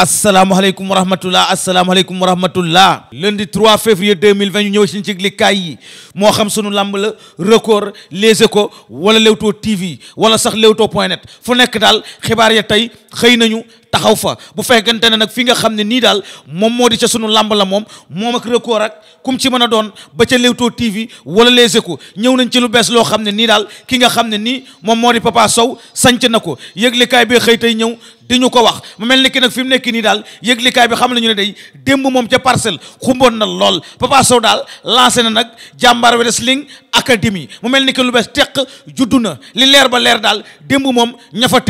asalaamaaleykum wa rahmatullah asalaamaaleykum wa rahmatullah lundi 3 février 2020 ñu ñëw ci yëglikaay yi moo xam sunu làmb la record Les Échos wala Leewtoo TV wala sax Leewtoo point net fu nekk daal xibaar ya tey xëy nañu taxaw fa bu fekkente ne nag fi nga xam ne nii daal moom moo di ca sunu làmb la moom moom ak record ak kum ci mën a doon ba ca Leewtoo TV wala Les Échos ñëw nañ ci lu bees loo xam ne nii daal ki nga xam ne nii moom moo di Papa Sow sanc na ko yëglekaay bi xëy tey ñëw di ñu ko wax mu mel ni ki nag fi mu nekk nii daal yëglekaay bi xam nañu ne day démb moom ca parcelle xumboon na lool Papa Sow daal lancé na nag jàmbaar wrestling académie mu mel ni ki lu bees teq juddu na li leer ba leer daal démb moom ña fa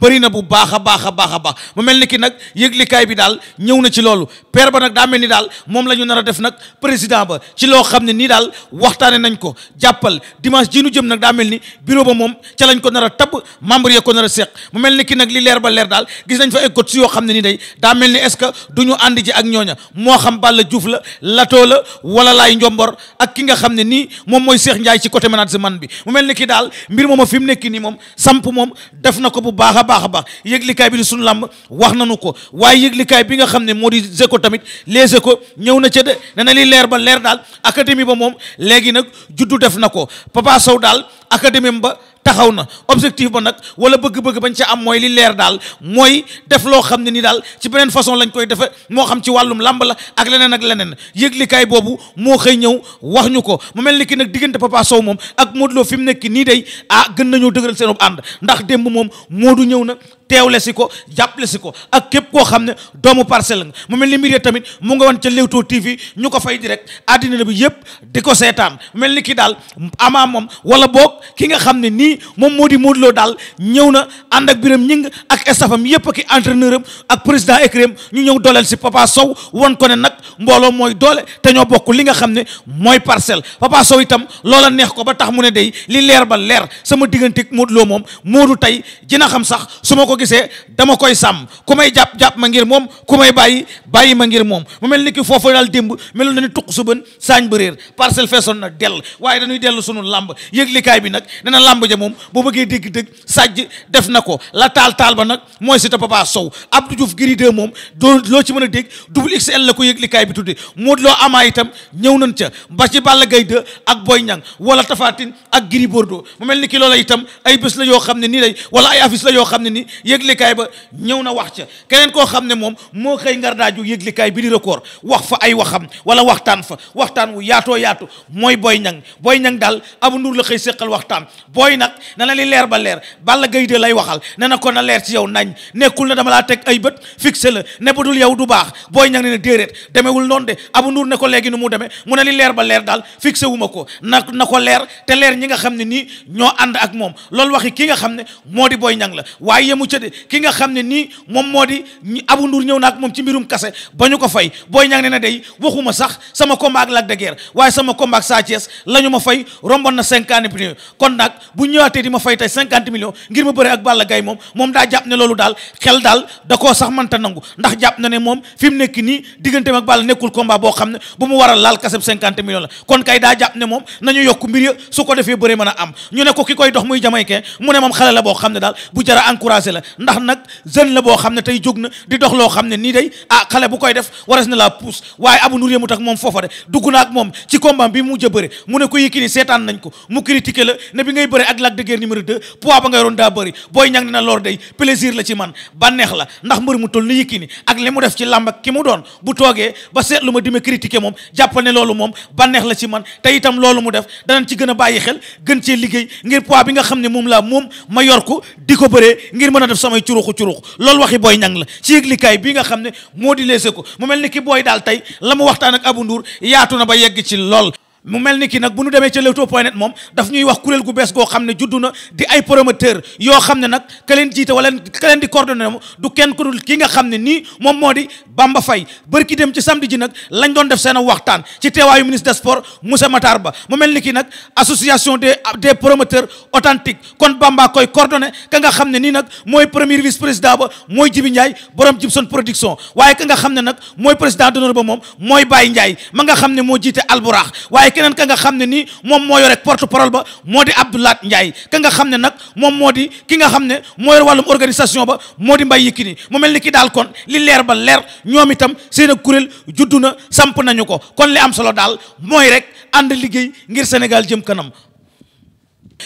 bëri na bu baax a baax a baax a baax mu mel ni kii nag yëglikaay bi daal ñëw na ci loolu per ba nag daa mel ni daal moom la ñu nar a def nag président ba ci loo xam ne nii daal waxtaane nañ ko jàppal dimanche ji nu jëm nag daa mel ni bureau ba moom ca lañ ko nar a tabb membre ya ko nar a seq mu mel ni ki nag li leer ba leer daal gis nañ fa ay coach yoo xam ne nii day daa mel ni est-ce que du ñu ànd ji ak ñooña moo xam Balla Diouf la Lato la wala Laay njomboor ak ki nga xam ne nii moom mooy Cheikh Ndiaye ci côté management bi mu mel ni ki daal mbir mooma fi mu nekk nii moom samp moom def na ko bu baax baax a baax yëglikaay bi di suñu làmb wax nañu ko waaye yëglikaay bi nga xam ne moo di Zeko tamit les Zeko ñëw na ca de ne na li leer ba leer daal académie ba moom léegi nag juddu def na ko Papa Sow daal académie ba taxaw na objectif ba nag wala bëgg-bëgg bañ ca am mooy li leer daal mooy def loo xam ne nii daal ci beneen façon lañ koy defe moo xam ci wàllum làmb la ak leneen ak leneen yëglikaay boobu moo xëy ñëw wax ñu ko mu mel ni ki nag diggante Papa Sow moom ak Modou Lo fi mu nekk nii dey ah gën nañoo dëgëral seen ànd ndax démb moom moo du ñëw na teewle si ko jàppale si ko ak képp koo xam ne doomu parcelle nga mu mel ni mbir tamit mu nga woon ca Leewtoo TV ñu ko fay direct àddina bi yëpp di ko seetaan mel ni ki daal ama moom wala boog ki nga xam ne nii moom moo di Modou Lo daal ñëw na ànd ak biram nga ak staffam yëpp ak entraîneur am ak président écrim ñu ñëw dooleel si Papa Sow wan ko ne nag mbooloo mooy doole te ñoo bokk li nga xam ne mooy parcelle Papa Sow itam loola neex ko ba tax mu ne day li leer ba leer sama diggante Modou moom Modou tey dina xam sax ko gisee dama koy sàmm ku may jàpp-jàpp ma ngir moom ku may bàyyi bàyyi ma ngir moom mu mel ni ki foofu daal démb mel na ni tuq su bën saañ ba réer parcelle feesoon na dell waaye dañuy dellu sunu làmb likaay bi nag dana làmb ja moom boo bëggee dégg-dégg sàjj def na ko la taal taal ba nag mooy si ta papa sow Abdou Diouf giri deux moom doo loo ci mën a dégg double XL la ko yëglikaay bi moo Modou Lo amaa itam ñëw nañ ca ba ci Balla gay 2 ak Boy Niang wala Tapha Tine ak Gris Bordeaux mu mel ni ki loola itam ay bés la yoo xam ne nii lay wala ay affiche la yoo xam ne nii yëglikaay ba ñëw na wax ca keneen koo xam ne moom moo xëy ngar daaju yëglikaay bi di record wax fa ay waxam wala waxtaan fa waxtaan wu yaatoo yaatu mooy Boy Niang Boy Niang daal Abou Ndour la xëy séqal waxtaan Boy nag na na li leer ba leer Balla Gaye de lay waxal ne na ko na leer ci yow nañ nekkul na dama laa teg ay bët fixé la ne yow du baax Boy Niang ne ne déeréet demewul de Abou ne ko léegi nu mu demee mu ne li leer ba leer daal fixé wu ma ko na na ko leer te leer ñi nga xam ne nii ñoo ànd ak moom loolu waxi ki nga xam ne moo di Boy Niang la waaye yemu ca di ki nga xam ne nii moom moo di Abu Nduur ñëw ak moom ci mbirum kase ba ñu ko fay booy ñang ne na day waxuma sax sama combat ak Lac de waaye sama combat ak Sa Thiès la ñu ma fay romboon na cinquante millions kon nag bu ñëwaatee di ma fay tey cinquante millions ngir ma bëre ak Balla moom moom daa jàpp loolu daal xel daal da koo sax mënta nangu ndax jàpp na ne moom fi mu nekk nii digganteem ak nekkul combat boo xam ne bu mu war a laal kaseb cinquante millions kon kay daa jàpp ne moom na nañu yokk mbir ya su ko defee bëre mën a am ñu ne ko ki koy dox muy jamaïcain mu ne moom xale la boo xam ne daal bu jara encouragé la ndax nag jeune la boo xam ne tey jóg na di dox loo xam ne nii day ah xale bu koy def waras na laa puus waaye abu nur yemu tak moom foofa de dugg na ak moom ci combat bi mu jëbëre mu ne ko Yékini seetaan nañ ko mu critiqué la ne bi ngay bëre ak Lac de Guiers numéro 2 poids ba nga yoroon daa bëri booy ñang ne na loor day la ci man bànneex la ndax mbër mu toll ni Yékini mu def ci làmb ak ki mu doon bu toogee ba seetlu ma di ma critiqué moom jàppal ne loolu moom bànneex la ci man te itam loolu mu def danañ ci gën a bàyyi xel gën cee liggéey ngir poids bi nga xam ne moom laa moom ma yor ko di ko bëree ngir mën a def def samay curuxu curux loolu waxi booy ñang la ci yëglikaay bi nga xam ne moo di leese ko mu mel ni ki booy daal tey la mu waxtaan ak Abu Nduur yaatu na ba yegg ci lool mu mel ni kii nag bu nu demee ca Leewtoo point net moom daf ñuy wax kuréel gu bees goo xam ne juddu na di ay promoteur yoo xam ne nag ka leen jiite wala ka leen di coordonné du kenn ku dul ki nga xam ne nii moom moo di Bamba Faye bërki dem ci samedi ji nag lañ doon def seen waxtaan ci teewaayu ministre des sports Moussa Matar Ba mu mel ni ki nag association des des promoteurs authentiques kon Bamba koy coordonné ka nga xam ne nii nag mooy premier vice président ba mooy Jibi Ndiaye borom Gibson production waaye ka nga xam ne nag mooy président d'honneur ba moom mooy Baye Ndiaye nga xam ne moo jiite Alburax keneen ka nga xam ne ni moom moo yore porte parole ba moo di Abdoulaat Ndiaye ka nga xam ne nag moom moo di ki nga xam ne moo yore organisation ba moo di Mbaye Yékini moo mel ni kii daal kon li leer ba leer ñoom itam seen a kuréel juddu na samp nañu ko kon li am solo daal mooy rek ànd liggéey ngir Sénégal jëm kanam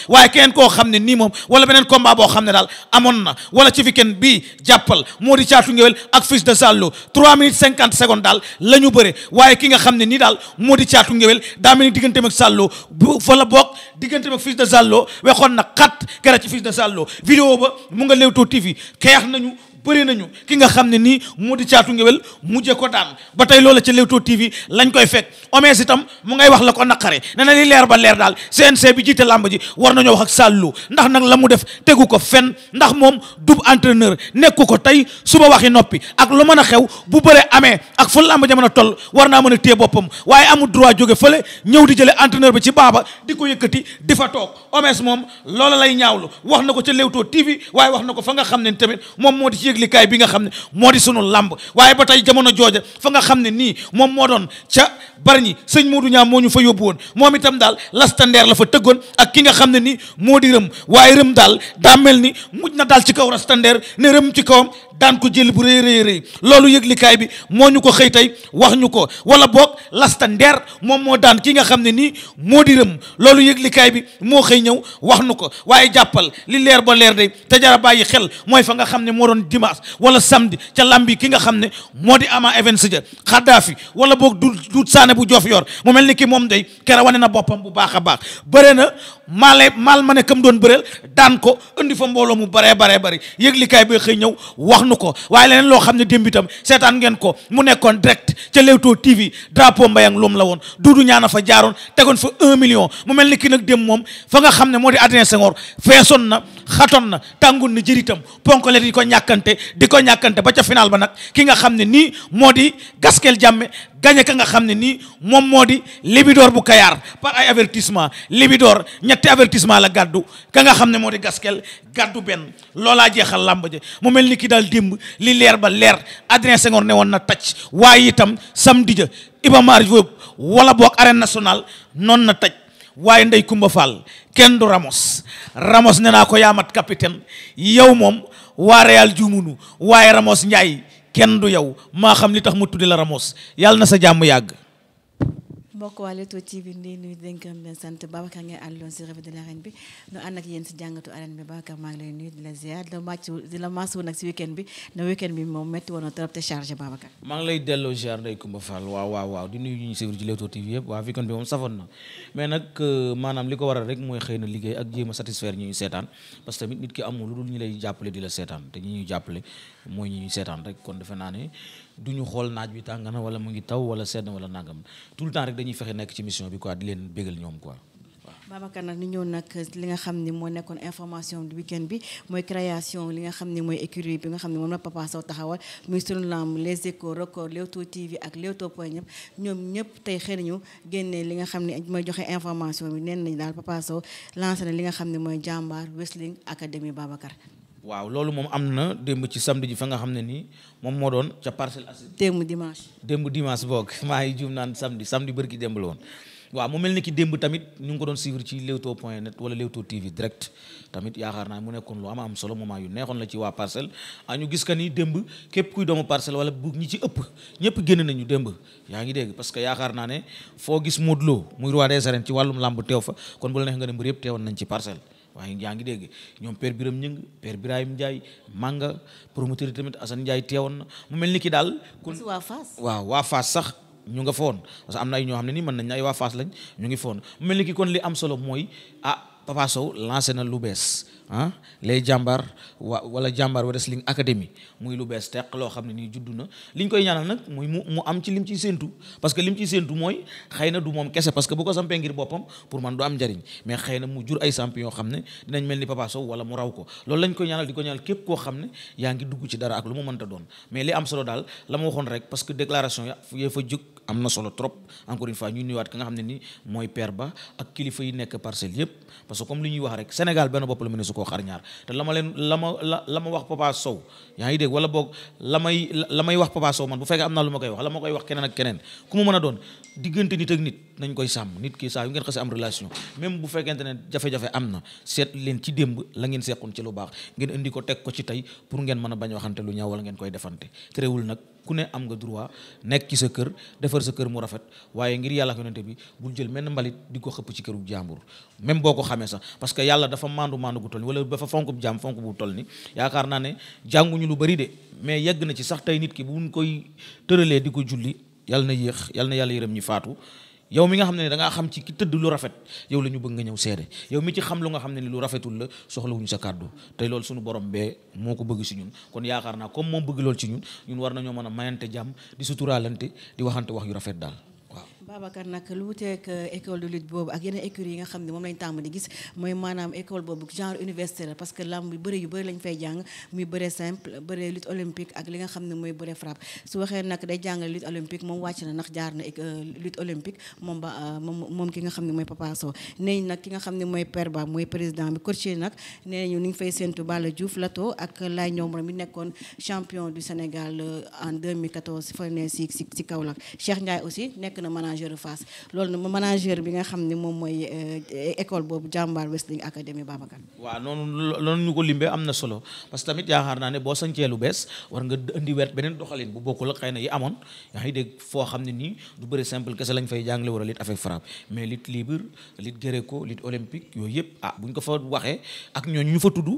waaye keneen koo xam ne nii moom wala beneen combat boo xam ne daal amoon na wala ci weekend bii jàppal moo di caatu ngewel ak fils de Zallo trois minutes cinquante secondes daal la ñu bëre waaye ki nga xam ne nii daal moo di caatu ngewel daa mel ni digganteem ak Zallo bu fa bokk digganteem ak fils de Zallo waxoon na xat gara ci fils de Zallo vidéo ba mu nga Leewtoo TV xeex nañu bëri nañu ki nga xam ne nii moo di caatu ngewel mujje ko daan ba tey loola ci Leewtoo TV lañ koy fekk omees itam mu ngay wax la ko naqare ne na leer ba leer daal CNC bi jiite làmb ji war nañoo wax ak Sallou ndax nag la mu def tegu ko fen ndax moom dub entraîneur nekku ko tey suba waxi noppi ak lu mën a xew bu bëre amee ak fu làmb ja mën a toll war naa mën a téye boppam waaye amul droit jóge fële ñëw di jële entraîneur bi ci baaba di ko yëkkati di fa toog omees moom loola lay ñaawlu wax na ko ca Leewtoo TV waaye wax ko fa nga xam ne tamit yëglikaay bi nga xam ne moo di sunu làmb waaye ba tey jamono jooja fa nga xam ne nii moom moo doon ca bari ñi sëñ Modou Niang moo ñu fa yóbbu woon moom itam daal lastandeer la fa tëggoon ak ki nga xam ne nii moo di rëm waaye rëm daal daa mel ni mujj na daal ci kaw rastandeer ne rëm ci kawam daan ko jël bu rëy rëy rëy loolu yëglikaay bi moo ñu ko xëy tey wax ñu ko wala boog lasta ndeer moom moo daan ki nga xam ne nii moo di rëm loolu yëglikaay bi moo xëy ñëw wax nu ko waaye jàppal li leer ba leer day te jara bàyyi xel mooy fa nga xam ne moo doon dimanche wala samedi ca lambi ki nga xam ne moo di ama events ja xaddaafi wala boog du du saane bu jof yor mu mel ni kii moom day kera wane na boppam bu baax a baax bëre na maale maal ma ne kam doon bëreel daan ko indi fa mbooloo mu baree baree bëri yëglikaay bi xëy nu ko waaye leneen loo xam ne démb itam seetaan ngeen ko mu nekkoon direct ca Leewtoo TV drapeau mbayang loom la woon duudu ñaana fa jaaroon tegoon fa un million mu mel ni ki nag démb moom fa nga xam ne moo di Adrien Senghor feesoon na xatoon na tàngun na jëritam ponkale di ko ñàkkante di ko ñàkkante ba ca final ba nag ki nga xam ne nii moo di gaskel jàmme gañe ka nga xam ne nii moom moo di Libidor bu Kayaar par ay avertissement Libidor ñetti avertissement la gàddu ka nga xam ne moo di Gaskel gàddu benn loolaa jeexal làmba ja mu mel ni kii daal démb li leer ba leer Adrien Senghor ne woon na tàcc waaye itam sam ja Iba Mar Diop wala boog arène national noonu na tàcc waaye ndey Kumba Fall kenn du Ramos Ramos ne naa ko yaamat capitaine yow moom waa Real juumunu waaye Ramos Ndiaye kenn du yow maa xam li tax mu tuddi la Ramos yàlla na sa jàmm yàgg mbokk waa Leewtoo TV nii nuyu di si revue de l'arène bi maa ngi lay nuyu di la ziar di la màcc di moom métti woon trop te chargé Babacar maa lay delloo ziar Ndeye Coumba Fall waaw waaw waaw di nuyu ñu suivre ci Leewtoo euh, li ko waral rek mooy xëy na liggéey ak jéem a satisfaire ñi ñuy seetaan parce que tamit nit ki amul lu dul ñu lay jàppale di la seetaan te ñi ñuy jàppale mooy ñu ñuy seetaan rek kon defe naa ne du ñu xool naaj wi tàng na wala mu ngi taw wala sedd wala nangam tout le temps rek dañuy fexe nekk ci mission bi quoi di leen bégal ñoom quoi. Babacar nag ni ñëw nag li nga xam ni moo nekkoon information du week-end bi mooy création li nga xam ni écurie bi nga xam ni moom la Papa Sow taxawal muy sunu lamb les échos record Leewtoo TV ak Leewtoo point ñëpp ñoom ñëpp tey xëy ñu génnee li nga xam ni mooy joxe information bi neen nañ daal Papa Sow lancé na li nga xam ni mooy jàmbaar wrestling academy Babacar waaw loolu moom am na démb ci samedi ji fa nga xam ne nii moom moo doon ca Parcelles Assainies. démb dimanche. démb dimanche boog maa ngi juum naan samedi samedi bërki démb la woon. waaw mu mel ni ki démb tamit ñu ngi ko doon suivre ci Leewtoo point net wala Leewtoo TV direct tamit yaakaar naa mu nekkoon lu am am solo moment yu neexoon la ci waa parcelle ah, gis ni démb képp kuy doomu parcelle wala bu ñi ci ëpp ñëpp génn nañu démb yaa ngi dégg parce que yaakaar naa ne foo gis Modou Lo muy roi des arènes ci wàllum làmb teew fa kon bu la neex nga ne mbir yëpp teewoon nañ ci parcel waaye yaa ngi dégg ñoom père Birame Ñing père Birahim Ndiaye Manga promoteur yi tamit Assane Ndiaye teewoon na mu mel ni ki daal. waaw waa Fass sax. ñu nga foon parce am na ay ñoo xam ne nii mën nañ ay waa Fass lañ ñu ngi foon mu mel ni ki kon li am solo mooy ah Papa Sow na lu bees ah les jàmbaar wa wala jàmbaar wrestling academy muy lu bees teq loo xam ne nii juddu na li ñu koy ñaanal nag muy mu mu am ci lim ciy séentu parce que lim ciy séentu mooy na du moom kese parce que bu ko sampee ngir boppam pour man du am njariñ mais xëy na mu jur ay champion yoo xam ne dinañ mel ni Papa Sow wala mu raw ko loolu lañ koy ñaanal di ko ñaanal képp koo xam ne yaa ngi dugg ci dara ak lu mu mënta doon mais li am solo daal la ma waxoon rek parce que déclaration ya yee fa jóg am na solo trop encore une fois ñu nuyuwaat ki nga xam ne ni mooy père ba ak kilifa yi nekk parcelle yëpp parce que comme li ñuy wax rek Sénégal benn bopp la mu ne su koo xar te la ma leen la ma la la ma wax Papa Sow yaa ngi dégg wala boog la may la may wax Papa Sow man bu fekkee am naa lu ma koy wax la ma koy wax keneen ak keneen ku mu mën a doon diggante nit ak nit nañ koy sàmm nit ki saa yu ngeen xasee am relation même bu fekkente ne jafe-jafe am na seet leen ci démb la ngeen seqoon ci lu baax ngeen indi ko teg ko ci tey pour ngeen mën a bañ waxante lu ñaaw wala ngeen koy defante terewul nag ku ne am nga droit nekk ci sa kër defar sa kër mu rafet waaye ngir yàlla ko yonente bi bul jël menn mbalit di ko xëpp ci këru jàmbur même boo ko xamee sax parce que yàlla dafa mandu mandu gu toll ni wala dafa fonk bu jàmm fonk bu toll ni yaakaar naa ne jànguñu lu bari de mais yegg na ci sax tey nit ki bu ñu koy tëralee di ko julli yàlla na yéex yàlla na yàlla yërëm ñi faatu yow mi nga xam ne da ngaa xam ci ki tëdd lu rafet yow la ñu bëgg nga ñëw seede yow mi ci xam lu nga xam ne lu rafetul la soxlawuñu sa kàddu te loolu suñu borom bee moo ko bëgg si ñun kon yaakaar naa comme moom bëgg lool ci ñun ñun war nañoo mën a mayante jàmm di suturaalante di waxante wax yu rafet daal Babacar nag lu wuteek eh, école de lutte boobu ak yeneen écurie yi nga xam ne moom lañ tàmm di gis mooy maanaam école boobu genre université la parce que làmb yu bëri yu bëri lañ fay jàng muy bëre simple bëre lutte olympique ak li nga xam ne mooy bëre frappe su waxee nag day jàngale lutte olympique moom wàcc na ndax jaar na euh, lutte olympique euh, moom ki nga xam ne mooy Papa Sow nee nag ki nga xam ne mooy père ba président bi coaché nag nee nañu ni ñu fay séntu Balla Diouf Lato mi nekkoon champion du Sénégal euh, en 2014 fa ne si si Kaolack Cheikh Ndiaye na manager Fass loolu nag manager bi nga xam ni moom mooy euh, école boobu Jambar Wrestling Academy Babacar. waaw noonu loolu ñu ko limbee am na solo parce que tamit yaakaar naa ne boo sañcee lu bees war nga indi wet beneen doxalin bu bokkul ak xay na yi amoon yaa ngi dégg foo xam ne nii du bëri simple kese lañ fay jàngale wala lutte avec frappe mais lutte libre lutte gréco lutte olympique yooyu yëpp ah buñ ko fa waxee ak ñooñu ñu fa tudd.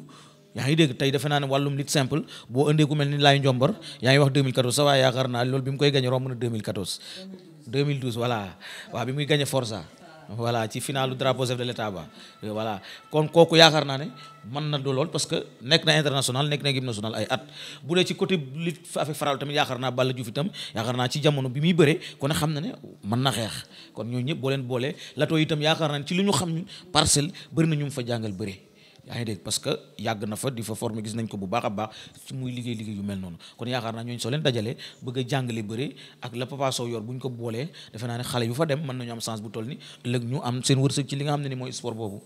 yaa ngi dégg tey defe naa ne wàllum lutte simple boo indee ku mel ni laay njombor yaa ngi wax 2014 sa waaye 2012 voilà waaw bi muy gagné Forza voilà ci finalu drapeau chef de l'état ba voilà kon kooku yaakaar naa ne mën na dolool parce que nekk na international nekk na équipe nationale ay at bu dee ci côté lutte avec faral tamit yaakaar naa Balla Diouf itam yaakaar naa ci jamono bi muy bëree kon xam na ne mën na xeex kon ñooñu ñëpp boo leen boolee lato itam yaakaar naa ne ci li ñu xam ñu parcelle bëri na ñu mu fa jàngal bëree yaa ngi dégg parce que yàgg na fa di fa former gis nañ ko bu baax baax ci muy liggéey liggéey yu mel noonu kon yaakaar naa ñooñu soo leen dajalee bëgg a jàngale bëri ak la Papa yor bu ñu ko boolee defe naa ne xale yu fa dem mën nañu am chance bu toll ni ëllëg ñu am seen wërsëg ci li nga xam ne ni mooy sport boobu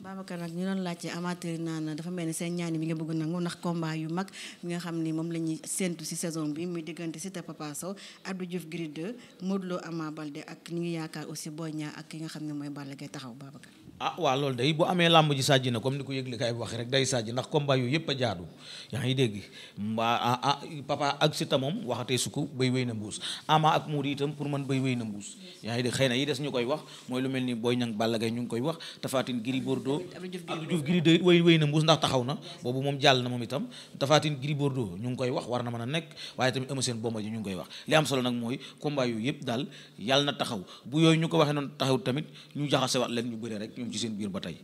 Babacar nag ñu doon laajte amateur yi naan dafa mel ni seen ñaani bi nga bëgg nangu ndax combat yu mag mi nga xam ni moom la ñuy séntu ci saison bi muy diggante Siteu Papa Sow Abdou Diouf Gris 2 Modou Lo Ama Baldé yaakaar aussi Boy Niang ak ki nga xam ne mooy Balla Gaye taxaw Babacar ah waa loolu day bu amee làmb ji sàjji na comme ni ko yëgle kaay wax rek day sàjji ndax combat yooyu yëpp a jaadu yaa ngi dégg mbaa ah, ah, ak Siteu moom waxatee su ko bay wéy na mbuus ama ak muur itam pour man bay wéy na mbuus yaa ngi dégg xëy na ñu koy wax mooy lu mel ni Boy Niang Balla ñu ngi koy wax Tafatine Gris Bordeaux Abdou Diouf Gris de na mbuus ndax taxaw na boobu moom jàll na moom itam Tafatine Gris Bordeaux ñu ngi koy wax war na mën a nekk waaye tamit Eumeu Sène Bombardier ñu ngi koy wax li am solo nag mooy combat yooyu yëpp daal yàlla na taxaw bu yooyu ñu ko waxee noonu taxaw tamit ñu jaxasewaat leen ñu bëre rek ci seen biir ba tey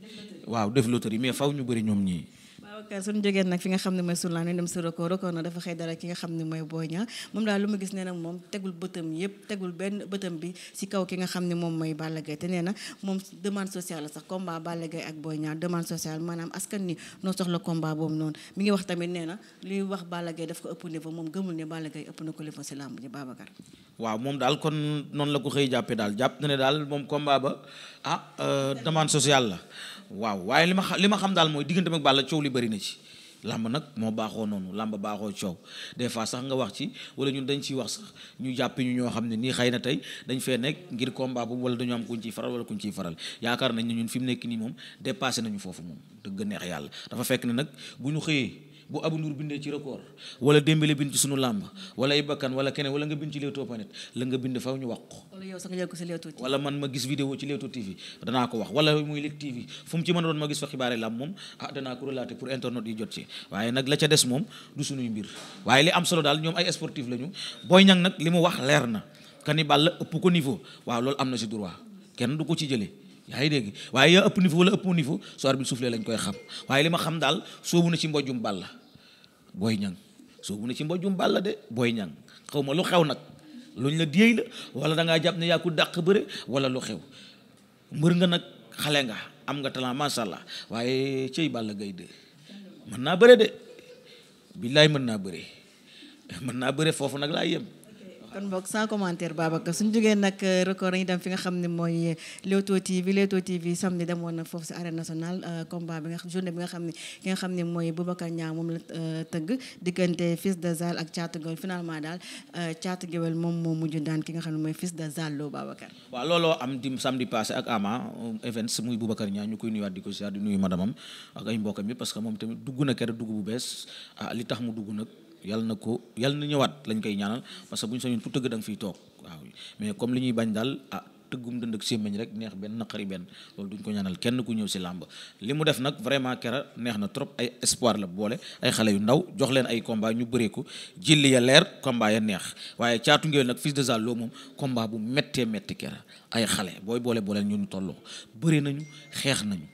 waaw def loterie mais faw ñu bëri ñoom ñii ok suñu jógee nag fi nga xam ne mooy suñu laan dem si record record na dafa xëy dara ki nga xam ne mooy Boy Niang moom daal lu ma gis nee na moom tegul bëtam yëpp tegul benn bëtam bi si kaw ki nga xam ne moom mooy Balla gay te nee na moom demande sociale la sax combat Balla ak Boy Niang demande sociale maanaam askan ni noo soxla combat boobu noonu mi ngi wax tamit nee na luy wax Balla Gaye daf ko ëpp niveau moom gëmul ne Balla Gaye ëpp na ko niveau si làmb ji Babacar waaw moom daal kon noonu la ko xëy jàppe daal jàpp na ne daal moom combat ba ah euh, demande sociale la waaw waaye li ma xam li ma xam daal mooy diggante mag Balla coow li bëri ci làmb nag moo baaxoo noonu làmb baaxoo coow des fois sax nga wax ci wala ñun dañ ciy wax sax ñu jàpp ñu ñoo xam ne nii xëy na tey dañ fee nekk ngir combat bu wala dañu am kuñ ciy faral wala kuñ ciy faral yaakaar nañ ne ñun fi mu nekk nii moom dépassé nañu foofu moom dëgg neex yàlla dafa fekk ne nag bu ñu xëyee bu Abou Ndour bindee ci record wala Dembélé bind ci sunu làmb wala ay bakkan wala keneen wala nga bind ci Leewtoo point la nga bind faw ñu wax ko wala wala man ma gis vidéo ci Leewtoo TV danaa ko wax wala muy Leewtoo TV fu mu ci mën a doon ma gis fa xibaare làmb moom ah danaa ko relater pour internet yi jot ci waaye nag la ca des moom du sunuy mbir waaye li am solo daal ñoom ay sportif lañu booy Niang nag li mu wax leer na kani bàll ëpp ko niveau waaw loolu am na ci droit kenn du ko ci jëlee yaa ngi dégg waaye yaa ëpp niveau wala ëpp niveau su arbitre soufflé lañ koy xam waaye li ma xam daal soobu na ci mbojum balla booy ñang soobu na ci mbojum balla de booy ñang xaw ma lu xew nag luñ la déey la wala dangaa ngaa jàpp ne yaa dàq bëre wala lu xew mbër nga nag xale nga am nga talent macha allah waaye cey Balla Gaye de mën naa bëre de billaay mën naa bëre mën naa bëre foofu nag laa yem. kon boog sans commentaire Babacar suñu jógee nag euh, record yi dem fi nga xam ne mooy Leewtoo TV Leewtoo TV samedi demoon na foofu si arène nationale euh, combat bi journée bi nga xam ne ki nga xam ne mooy Boubacar Niang moom la euh, tëgg diggante moo mujj daan ki nga xam ne mooy Fils de Zal loo Babacar. waaw looloo am dim samedi passé ak Ama events muy Boubacar Niang ñu koy nuyuwaat di ko ziar di nuyu madamam ak ay mbokkam yi parce que moom tamit dugg na kër dugg bu bees ah, li tax mu dugg nag. yal na ko yal na ñëwaat lañ koy ñaanal parce que bu ñu sañoon ku tëgg da nga fiy toog waaw mais comme li ñuy bañ daal ah tëggum dënd ak sémmiñ rek neex benn naqari benn loolu duñ ko ñaanal kenn ku ñëw si làmb li mu def nag vraiment kera neex na trop ay espoir la boole ay xale yu ndaw jox leen ay combat ñu bëree ko jilli ya leer combat ya neex waaye caatu ngeel nag fils de Zal Lo moom combat bu méttee métti kera ay xale booy boole boole ñu ñu tolloo bëree nañu xeex nañu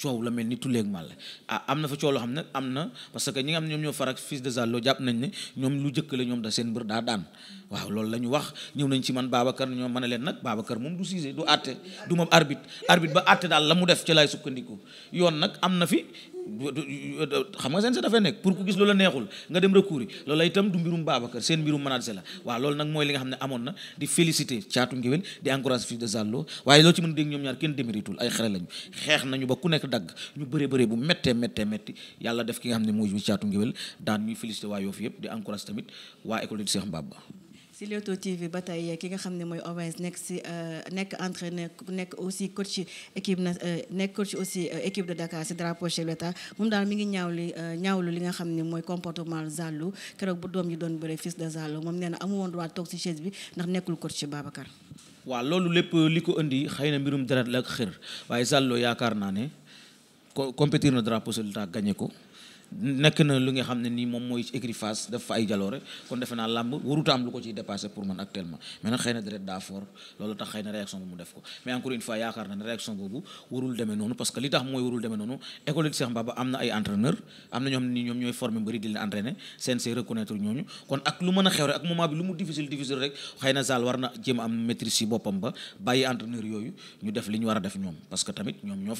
coow la mel ni tulleeg màlle ah am na fa coow loo xam ne am na parce que ñi nga xam ñoom ñoo farak fils de Zallo jàpp nañ ne ñoom lu jëkk la ñoom da seen mbër daa daan waaw loolu la wax ñëw nañ ci man Babacar ñoom mën a leen nag Babacar moom du siise du àtte du moom arbitre arbitre ba àtte daal la mu def ci laay sukkandiku yoon nag am na fi xam nga seen sa dafay nekk pour ku gis loola neexul nga dem recours yi loola itam du mbirum Babacar seen mbirum manager la waaw loolu mooy li nga xam ne amoon na di féliciter caatu loo ci mën a dégg ñoom ñaar kenn déméritul ay xare lañu xeex nañu ba ku nekk dagg ñu bëree bëree bu méttee méttee métti yàlla def ki nga xam ne mooy caatu ngéwél daan ñuy féliciter waa Yoff yëpp di encourager tamit waa école de Cheikh Mbaba si Leewtoo TV ba tey ki nga xam ne mooy Owens nekk si euh, nekk entraîneur nekk aussi coach équipe na euh, nekk coach aussi euh, équipe de Dakar si drapeau chef de moom daal mi ngi ñaaw li ñaawlu li nga xam ne mooy comportement Zalou keroog bu doom ji doon bëre fils de Zalou moom nee na amu woon droit toog si chaise bi ndax nekkul coach Babacar. waaw loolu lépp li ko indi xëy na mbirum deret la ak xër waaye Zalou yaakaar naa ne compétir na drapeau chef de l'État ko. nekk na lu nga xam ne nii moom mooy écurie def fa ay jaloore kon defe naa làmb waruta am lu ko ciy dépassé pour man actuellement mais nag xëy deret daa loolu tax xëy réaction bu mu def ko mais encore une fois yaakaar na ne réaction boobu warul ñooñu kon ak lu mën a xew rek ak moment bi lu mu difficile difficile rek xëy na war na jéem am maîtrise boppam ba bàyyi entraîneur yooyu ñu def li ñu war a def ñoom parce que tamit ñoom ñoo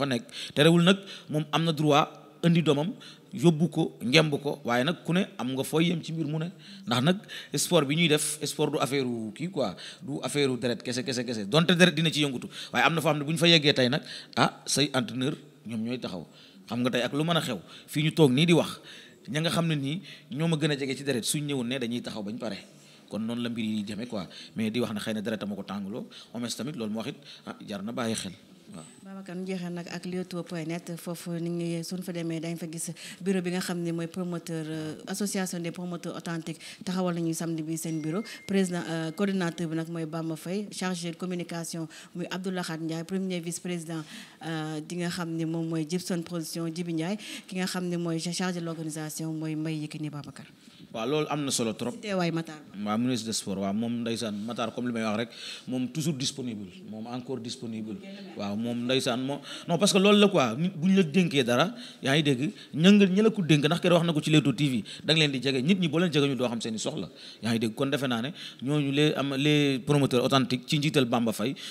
indi doomam yóbbu ko ngemb ko waaye nag ku ne am nga fooy yem ci mbir mu ne ndax nag sport bi ñuy def sport du affaire kii quoi du affaire deret kese kese kese donte deret dina ci yëngutu waaye am na foo xam ne bu ñu fa yeggee tey nag ah say entraîneur ñoom ñooy taxaw xam nga tey ak lu mën a xew fii ñu toog nii di wax ña nga xam ne nii ñoo ma gën a jege ci deret suñ ñëwoon ne dañuy taxaw bañ pare kon noonu la mbir yi demee quoi mais di wax xëy na deret ma ko tàngaloo omes tamit loolu moo it ah, jar na bàyyi xel Babacar ñu jeexee nag ak Leewtoo point net foofu ni ngi suñ fa demee dañ fa gis bureau bi nga xam ne mooy promoteur euh, association des promoteurs authentiques taxawal nañu samedi bi seen bureau président euh, coordinateur bi nag mooy Bamba fay chargé de communication muy Abdoulahad Ndiaye premier vice président euh, di nga xam ne moom mooy seen production Jibi Ndiaye ki nga xam ne mooy chargé de l'organisation mooy Mbaye Yekini Babacar waaw loolu am na solo trop teewaay Matar waaw ministre des sports moom ndeysaan Matar comme li may wax rek moom toujours disponible moom encore disponible waaw moom ndeysaan moom non parce que loolu la quoi nit bu ñu la dénkee dara yaa ngi dégg ña nga ko dénk ndax kër wax na ko ci Leewtoo TV da nga leen di jege nit ñi boo leen jege ñu doo xam seen i soxla yaa dégg kon defe naa ne ñooñu les am les promoteurs authentiques ci njiital Bamba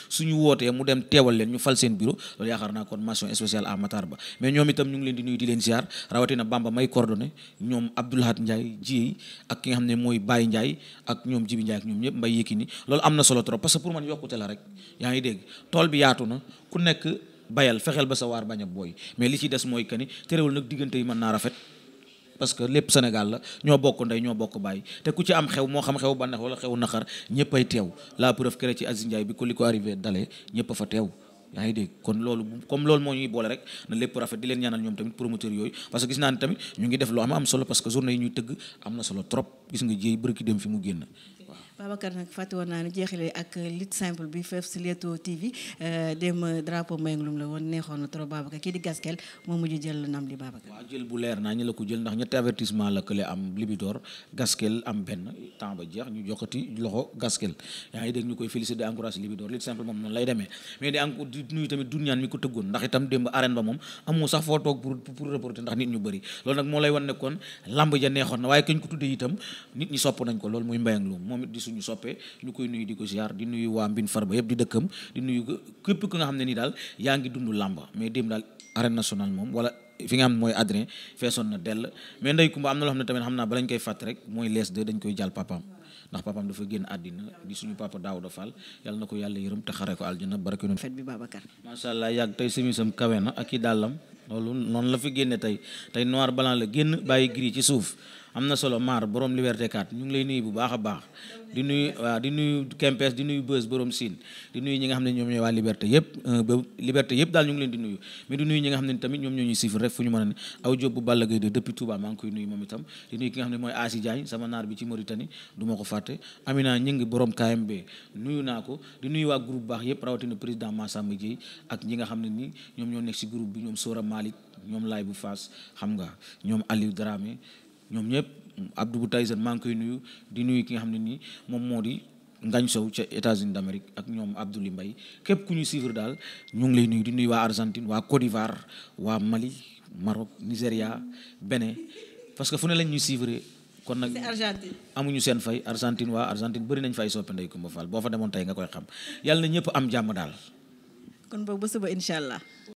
su ñu wootee mu dem teewal leen ñu fal seen bureau loolu yaakaar naa kon mention spéciale à Matar Ba mais ñoom itam ñu ngi leen di nuyu di leen ziar rawatina Bamba may coordonné ñoom Abdoulahat Ndiaye ji Guèye ak ki nga xam ne mooy Baye Ndiaye ak ñoom Jibi Ndiaye ak ñoom ñëpp mbay Yékini loolu am na solo trop parce que pour man yokkute la rek yaa ngi dégg tool bi yaatu na ku nekk bayal fexeel ba sa waar baña booy mais li ci des mooy que ni terewul nag diggante yi mën naa rafet. parce que lépp Sénégal la ñoo bokk ndey ñoo bokk bàyyi te ku ci am xew moo xam xew bànneex wala xew naqar ñëpp ay teew la preuve créé ci Aziz Ndiaye bi ko li ko arrivé dalee ñëpp a fa teew yaa ngi dégg kon loolu comme loolu moo ñuy boole rek na lépp rafet di leen ñaanal ñoom tamit promoteur yooyu parce que gis naa ne tamit ñu ngi def lu am am solo parce que journée yi ñuy tëgg am na solo trop gis nga jéey bërki dem fi mu génn Babacar nag fàtte woon naa ne jeexale ak lit simple bi feef si Leewtoo TV euh, dem drapeau Mbayang la woon neexoon ndax ñetti avertissement la kële am Libidor Gaskel am benn temps jeex ñu jokkati loxo Gaskel yaa ngi dégg ñu koy féliciter di encourager Libidor lit simple moom noonu lay demee mais di encore di nuyu tamit mi ko tëggoon ndax itam démb arène ba moom amoo sax foo toog pour pour ndax nit ñu bëri loolu nag moo lay wan ne kon suñu soppee ñu koy nuyu di ko ziar di nuyu waa mbin farba yëpp di dëkkam di nuyu képp ku nga xam ne ni daal yaa ngi dund làmba mais dem daal arène nationale moom wala fi nga xam ne mooy Adrien feesoon na dell mais ndey kumba am na loo xam ne tamit xam naa balañ koy fàtt rek mooy lees de dañ koy jàll papaam ndax papaam dafa génn àddina di suñu papa Daouda Fall yàlla na ko yàlla yërëm te xare ko aljana barke noonu fet bi Babacar masha Allah am na solo maar borom Liberté 4 ñu ngi lay nuyu bu baax a baax di nuyu waaw di nuyu Kempes di nuyu Beuz borom Sine di nuyu ñi nga xam ne ñoom ñooy waa Liberté yëpp euh, ba Liberté yëpp daal ñu leen di nuyu nuyu ñi nga xam ne tamit ñoom ñoo ñu mën a ne aw koy nuyu moom itam di nuyu ki nga xam ne mooy Asi Diagne sama naar bi ci Mauritanie du ma ko fàtte Amina ñi ngi borom KMB nuyu naa ko di nuyu waa groupe baax yëpp rawatina président Massamba Dieye ak ñi nga xam ne ni ñoom ñoo nekk si group bi ñoom Sora Malick ñoom Laay bu Faas xam nga ñoom Aliou Dramé ñoom ñëpp Abdou Tyson maa ngi koy nuyu di nuyu ki nga xam ne nii moom moo di Ngañ Sow ca États-Unis d'Amérique ak ñoom Abdoulaye mbay képp ku ñu suivre daal ñu ngi lay nuyu di nuyu waa Argentine waa Côte d'Ivoire waa Mali Maroc Nigéria Bénin parce que fu lañ ñuy suivre kon nag amuñu seen fay Argentine waa Argentine bëri nañ fay soppe Ndeye Coumba Fall boo fa demoon tey nga koy xam yàlla na ñëpp am jàmm daal. kon boog ba suba incha allah.